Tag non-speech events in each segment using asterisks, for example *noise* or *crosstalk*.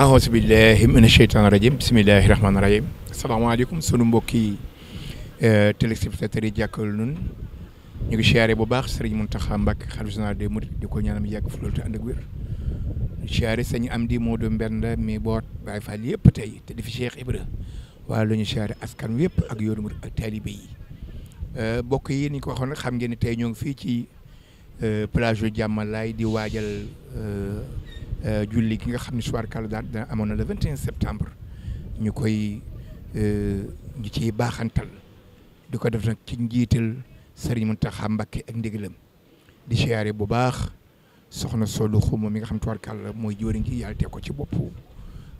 ahousu billahi mina sheytaani rajim bisimilahi rahmaani rahim asalaamaaleykum sunu mbokki eh, téléspectateurs yi jàkkaarloo nun ñu ngi siyaare bu baax sëriñ Mountakha Mbacké xalifa général des mourides di ko ñaanam yàgg fu loolu te ànd ak wér siyaare sëñ Amdi Moodu Mbenda mi boot Baay Faal yëpp tey te di fi Cheikh waa waaye la ñu siyaare askan wi yëpp ak yoonu murid ak taalibe yi eh, bokk yi ni ko waxoon xam ngeen ne tey ñoo ngi fii ci eh, plage yu Jàmmalaay di waajal Euh, julli gi nga xam ne soir kàlla daal dina amoon na le 21 septembre ñu koy euh, ñu ciy baaxantal di ko def nag ci njiital Serigne Mountakha Mbacké ak ndigalam di siyaare bu baax soxna Sodou Xuma mi nga xam tuwaat kàlla mooy jëwriñ ki yàlla teg ko ci boppu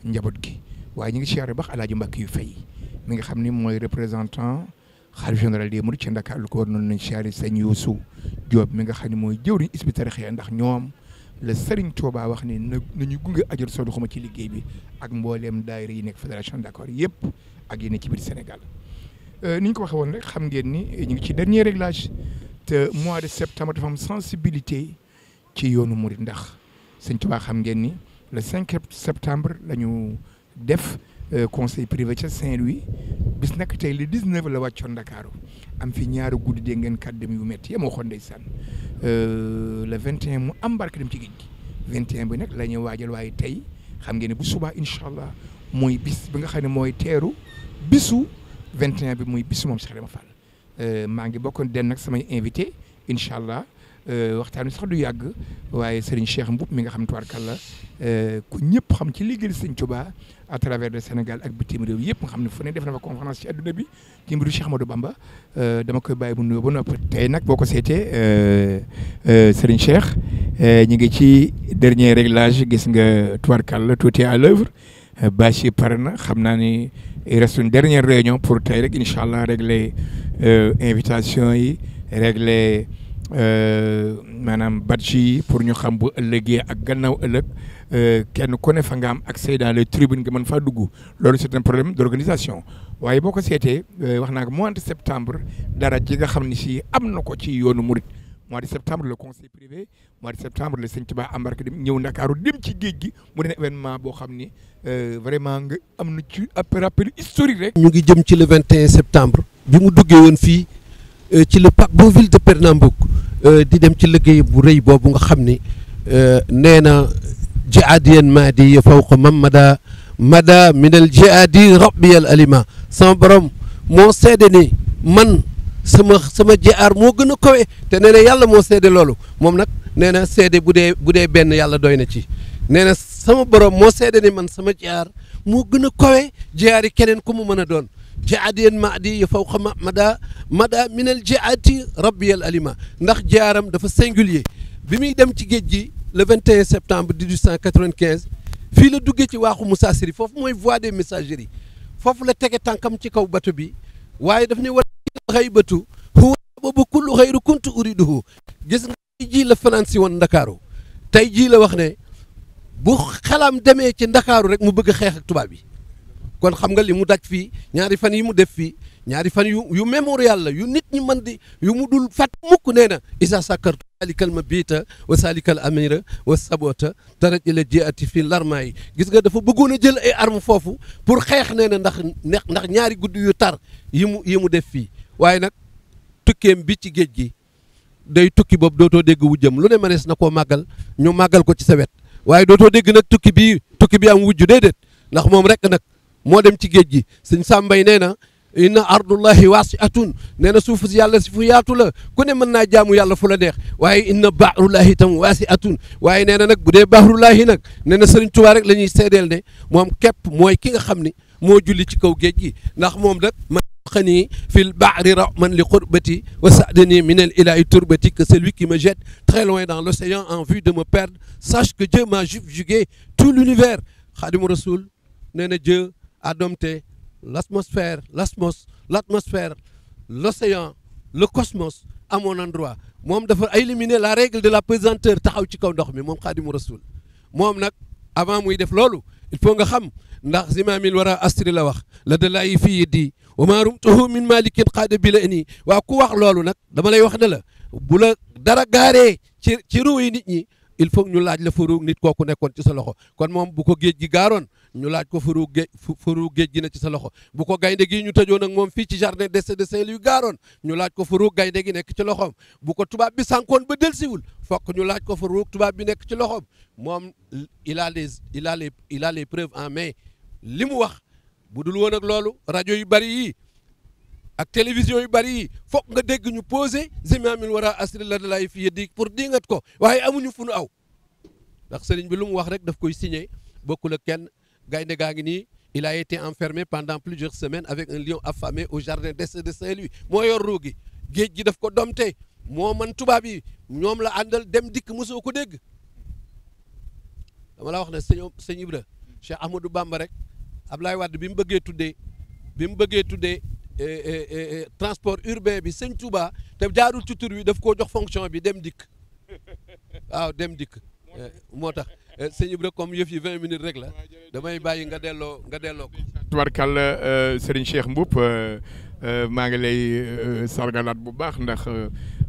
njaboot gi waaye ñu ngi siyaare bu baax El Hadj yu fay mi nga xam ni mooy représentant xalifa général des Mourides ci Ndakaaru lu ko war noonu nañ siyaare sëñ Youssou Diop mi nga xam ne mooy jëwriñ Hizbut Tarqiyyah ndax ñoom. la Serigne Touba wax ne na nañu gunge Ajor Sodou ma ci liggéey bi ak mbooleem daayira yi nekk fédération Dakar yëpp ak yéen ci biir Sénégal euh, ni ñu ko waxee woon rek xam ngeen ni ñu ngi ci dernier réglage te mois de septembre dafa am sensibilité ci yoonu Mouride ndax Serigne Touba xam ngeen ni le 5 septembre la ñu def euh, conseil privé ca Saint-Louis bis nag tey le 19 la wàccoon Ndakaaru am fi ñaari guddi dégg ngeen kàddu yu métti yéen a waxoon Euh, le 21 mu embarqué dem ci géej gi 21 bi nag la ñuy waajal waaye tey xam ngeen ne bu subaa incha allah mooy bis bi nga xam ne mooy teeru bisu 21 bi muy bisu moom Cheikh Ibrahima Fall euh, maa ngi bokkoon den nag sama invité incha allah. Euh, waxtaan wi sax du yàgg waaye Serigne Cheikh Mboup mi nga xam war tubaarkàlla euh, ku ñëpp xam ci liggéey Serigne Touba à travers de Sénégal ak bitim réew yëpp nga xam ne fu ne def na fa conférence ci adduna bi ci mbiru Cheikh Amadou euh, dama koy bàyyi bu nuyoo ba noppi. tey nag boo ko seetee Serigne Cheikh ñu ngi ci dernier réglage gis nga tubaarkàlla tout est à l'œuvre bâche yi pare na xam naa ni il reste une réunion pour tey rek incha allah régler invitation yi régler. Euh, maanaam batch yi pour ñu xam bu ëllëgee ak gannaaw ëllëg euh, kenn ko ne fa nga am accès dans les tribunes nga man faa dugg loolu c'est un problème d'organisation waaye boo ko seetee euh, wax naa ko mois de septembre dara ji nga xam ni si am na ko ci yoonu murit mois de septembre le conseil privé mois de septembre le sëñ Tuubaa embarqué dem ñëw ndakaaru dem ci géej gi mu ne événement boo xam ni vraiment nga am na ci rappel historique rek. ñu ngi jëm ci le 21 septembre. bi mu duggee woon fii. Euh, ci le paquebot ville de Pernambouc euh, di dem ci liggéey bu rëy boobu nga xam ni euh, nee na jihaadiyan maadi fawqa man mada mada min al jihaadi rabbiyal alima sama borom moo seede ni man sama sama jihaar moo gën a kawe te nee na yàlla moo seede loolu moom nag nee na seede bu dee bu dee benn yàlla doy na ci nee na sama borom moo seede ni man sama jihaar moo gën a kawe keneen ku mu mën a doon jiaadeen maadi ya fawqa ma mada mada minal jiaati rabbiyal alima ndax jaaram dafa singulier bi muy dem ci géej gi le 21 septembre 1895 fii la dugge ci waaxu musaasiri foofu mooy voie des messageries foofu la tege tànkam ci kaw bato bi waaye daf ne wala xaybatu huwa boobu kullu xayru kuntu uriduhu gis nga tey jii la fanaan si woon ndakaaru tey jii la wax ne bu xelam demee ci ndakaaru rek mu bëgg a tubaab yi kon xam nga li mu daj fii ñaari fan yi mu def fii ñaari fan yu yu mémorial la yu nit ñi man di yu mu dul fàtt mukk nee na isa sakartu salikal ma biita wa salikal amira wa sabota taraj ila jiati fi larma yi gis nga dafa bëggoon a jël ay arm foofu pour xeex nee na ndax ndax ñaari guddi yu tar yi mu yi mu def fii waaye nag tukkeem bi ci géej gi day tukki boobu dootoo dégg wu jëm lu ne manees na koo màggal ñu màggal ko ci sa wet waaye dootoo dégg nag tukki bii tukki bi am wujju déedéet ndax moom rek nag moo dem ci géej gi sëñ sàmbay nee na inna ardullahi waasiatun nee na suufu si yàlla si fu yaatu ku ne mën naa jaamu yàlla fu la neex waaye inna bahrullahi tam waasiatun waaye nee na nag bu dee bahrullahi nag nee na sëriñ Tuubaa rek la ñuy seedeel ne moom képp mooy ki nga xam ne moo julli ci kaw géej gi ndax moom nag man xanii fi l bahri rahman li qurbati wa sadani min al ilahi turbati que celui qui me jette très loin dans l'océan en vue de me perdre sache que Dieu m'a subjugué tout l'univers Xaadimu Rasuul nee na Dieu à dompter l'atmosphère, l'osmos, l'atmosphère, l'océan, le cosmos amoon mon endroit moom dafa éliminer la règle de la pesanteur taxaw ci kaw ndox mi moom xaadimu rasul moom nag avant muy def loolu il faut nga xam ndax zimaamil war a astri la wax la da laayi fii di wa maa rumtuhu min malikin xaada la nii waaw ku wax loolu nag dama lay wax ne la bu la dara gaare ci ci ruu yi nit ñi il faut ñu laaj la fa ruug nit kooku nekkoon ci sa loxo kon moom bu ko géej gi gaaroon ñu laaj ko furu géej furu géej gi ne ci sa loxo bu ko gaynde gi ñu tëjoon ak moom fii ci jardin d'essai de Saint-Louis gaaroon ñu laaj ko furu gaynde gi nekk ci loxoom bu ko tubaab bi sànkoon ba delsiwul fokk ñu laaj ko furu tubaab bi nekk ci loxoom moom il a les il a les en mais li mu wax bu dul woon ak loolu rajo yi bari yii ak télévision yu bari yi foog nga dégg ñu posé zimaamil wara asri la dalay fi yeddi pour dingat ko waaye amuñu fu nu aw ndax sëriñ bi lu mu wax rek daf koy signé bokkul ak kenn gaynde gaa ngi nii il a été enfermé pendant plusieurs semaines avec un lion affamé au jardin d'Est de Saint-Louis moo yor gi géej gi daf ko domte moo man tubaab yi ñoom la àndal dem dikk mosoo ko dégg dama la wax ne sëñ sëñ Ibra Cheikh Ahmadou Bamba rek Ablaye Wade bi mu bëggee tuddee bi mu bëggee tuddee eh, eh, eh, transport urbain bi sëñ Touba te jaarul ci tur wi daf koo jox fonction bi dem dikk *laughs* waaw dem dikk moo tax Eh, sëñ Ibra comme yëf yi vingt minutes rek la damay bàyyi nga delloo nga delloo ko. tubarkàlla euh, Serigne Cheikh Mboup euh, euh, maa ngi lay sargalaat bu baax ndax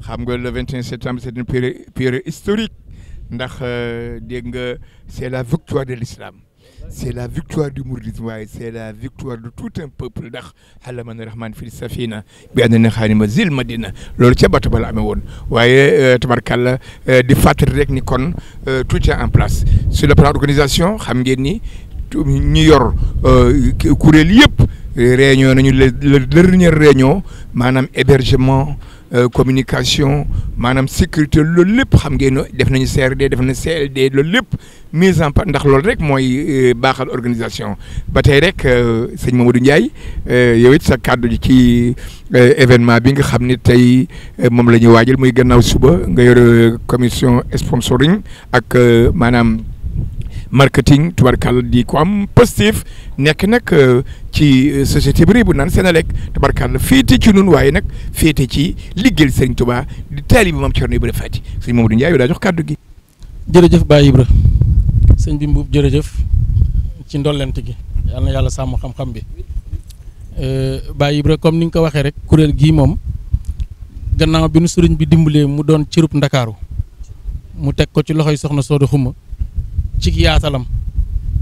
xam nga le 21 septembre c'est une période période historique ndax dégg nga c'est la victoire de l'islam c'est la victoire du mouridisme waaye c'est la victoire de tout un peuple ndax xalaman rahman fil safina bi ànd na xaanima zil madina loolu ca bato ba la amee woon waaye euh, tabarkàlla euh, di fàttali rek ni kon euh, tout est en place sur le plan organisation xam ngeen ni ñu yor kuréel yëpp réunion nañu le le dernière réunion maanaam hébergement Euh, communication maanaam sécurité loolu lépp xam ngeen ne def nañu CRD def nañu CLD loolu lépp mise en place ndax loolu rek mooy euh, baaxal organisation ba tey rek euh, sëñ Mamadou Ndiaye yow it sa kàddu ci événement bi nga xam ni tey moom la ñuy waajal muy gannaaw suba nga yor commission sponsoring ak maanaam. marketing tubarkal di ko am positif nekk nag euh, ci euh, société bi bu naan Senelec fii te ci nun waaye nag féete ci liggéeyal Serigne Touba di taalibe Mame Thierno Ibrahima Faty sëñ Mamadou Ndiaye daa jox kàddu gi. jërëjëf Baye Ibra sëñ bi mbuub jërëjëf ci ndollent gi yal yàlla sàmm xam-xam bi euh, Baye Ibra comme ni nga ko waxee rek kuréel gii moom gannaaw bi nu sëriñ bi dimbalee mu doon cërub Ndakaaru mu teg ko ci loxo yi soxna Sooda Xuma ci yaatalam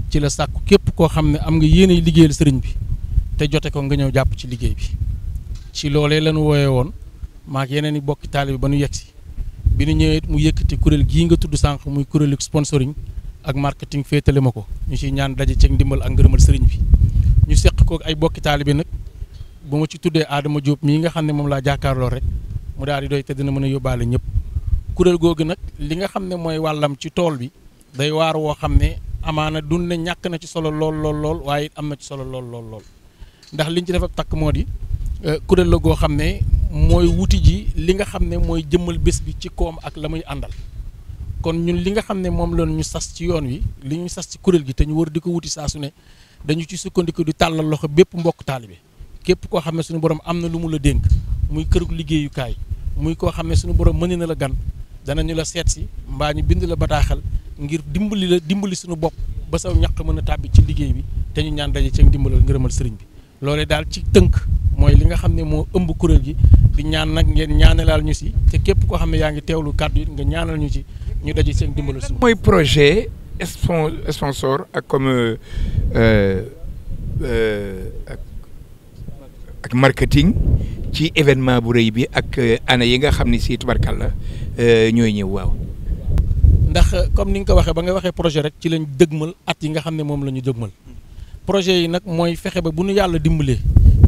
ci la sàkku képp koo xam ne am nga yéene liggéeyal sëriñ bi te jote ko nga ñëw jàpp ci liggéey bi ci loole la ñu wooyee woon maak yeneen i bokki taalibe ba nu yegg si bi nu ñëwee mu yëkkati kuréel gii nga tudd sànq muy kuréelu sponsoring ak marketing féetale ma ko ñu ciy ñaan daje ceeg ndimbal ak ngërëmal sëriñ bi ñu seq ko ay bokki taalibe nag bu ma ci tuddee Adama Diop mii nga xam ne moom laa jàkkaarloo rek mu daal di doy te dina mën a yóbbaale ñëpp kuréel googu nag li nga xam ne mooy wàllam ci tool bi day waar woo xam ne amaana dun ne ñàkk na ci solo lool lool lool waaye it am na ci solo lool lool lool ndax liñ ci def ab takk moo di euh, kuréel la goo xam ne mooy wuti ji li nga xam ne mooy jëmmal bés bi ci koom ak la muy àndal kon ñun li nga xam ne moom la ñu sas ci yoon wi li ñu sas ci kuréel gi te ñu war di ko wuti saa su ne dañu ci sukkandiku di tàllal loxo bépp mbokk taalibe képp koo xam ne suñu borom am na lu mu la dénk muy kërug liggéeyukaay muy koo xam ne suñu borom mën na la gan danañu la seet si mbaa ñu bind la bataaxal ngir dimbali la dimbali suñu bopp ba saw ñaq mën a tàbbi ci liggéey bi te ñu ñaan daje ci dimbalal ngërëmal sëriñ bi loolee daal ci tënk mooy li nga xam ne moo ëmb kuréel gi di ñaan nag ngeen ñaanalaal ñu si te képp koo xam ne yaa ngi teewlu kàddu yi nga ñaanal ñu si ñu daje seen dimbalal suñu mooy projet sponsor ak comme euh, euh, ak marketing ci événement bu rëy bi ak euh, ana yi nga xam ne si tubarkalla ñooy ñëw waaw ndax comme ni nga ko waxee ba nga waxee projet rek ci lañ dëgmal at yi nga xam ne moom la ñu dëgmal projet yi nag mooy fexe ba bu ñu yàlla dimbalee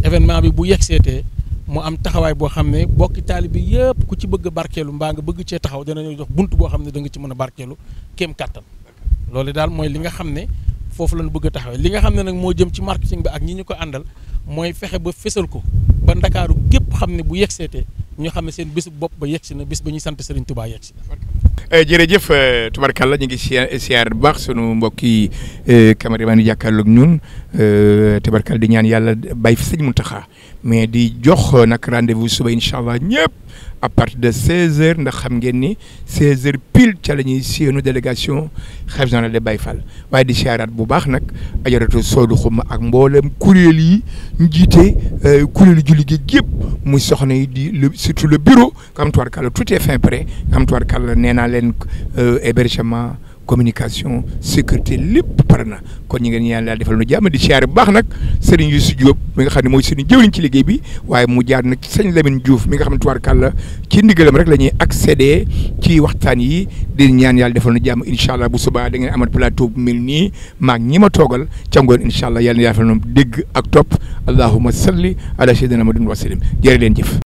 événement bi bu yegseetee mu am taxawaay boo xam ne bokki taalibe bi yëpp ku ci bëgg barkeelu mbaa nga bëgg cee taxaw danañu jox bunt boo xam ne da nga ci mën a barkeelu kéem kàttan loolu daal mooy li nga xam ne foofu la ñu bëgg a taxawee li nga xam ne nag moo jëm ci marketing bi ak ñi ñu ko àndal mooy fexe ba fésal ko ba ndakaaru képp xam ne bu yegseetee ñu xam ne seen bés bopp ba yegsi na ba ñuy sant Serigne Touba yegsi Eh, jërëjëf eh, tubarkalla ñu ngi siyaar bu baax sunu mbokki eh, cameraman yi jàkkaarloog ñun tubarkalla di ñaan yàlla bàyyi fi sëñ Muntaxa mais di jox nag rendez-vous suba incha allah ñëpp. à partir de 16h ndax xam ngeen ni 16h pile ca la ñuy séenu délégation xef général de Baye Fall waaye di siyaaraat bu baax nag ajaratu soodu xuma ak mboolem kuréel yi ñu jiite euh, kuréelu julli gi yëpp muy soxna yi di le surtout le bureau nga xam tuwaat kàlla tout est fin près nga xam tuwaat kàlla nee naa leen euh, hébergement. communication sécurité lépp pare na kon ñu ngeen ñaan daal defal nu jàmm di siyaare bu baax nag sëriñ Youssou mi nga xam ne mooy sëriñ jëwriñ ci liggéey bi waaye mu jaar nag sëñ Lamine Diouf mi nga xam ne tubaarkàlla ci ndigalam rek la ak accéder ci waxtaan yi di ñaan yàlla defal nu jàmm incha allah bu subaa da ngeen amat plateau bu nii maag ñi ma toogal ca ngoon incha allah yàlla na yàlla defal nu dégg ak topp allahumma salli ala sayyidina Muhammadin wa sallim jërë leen jëf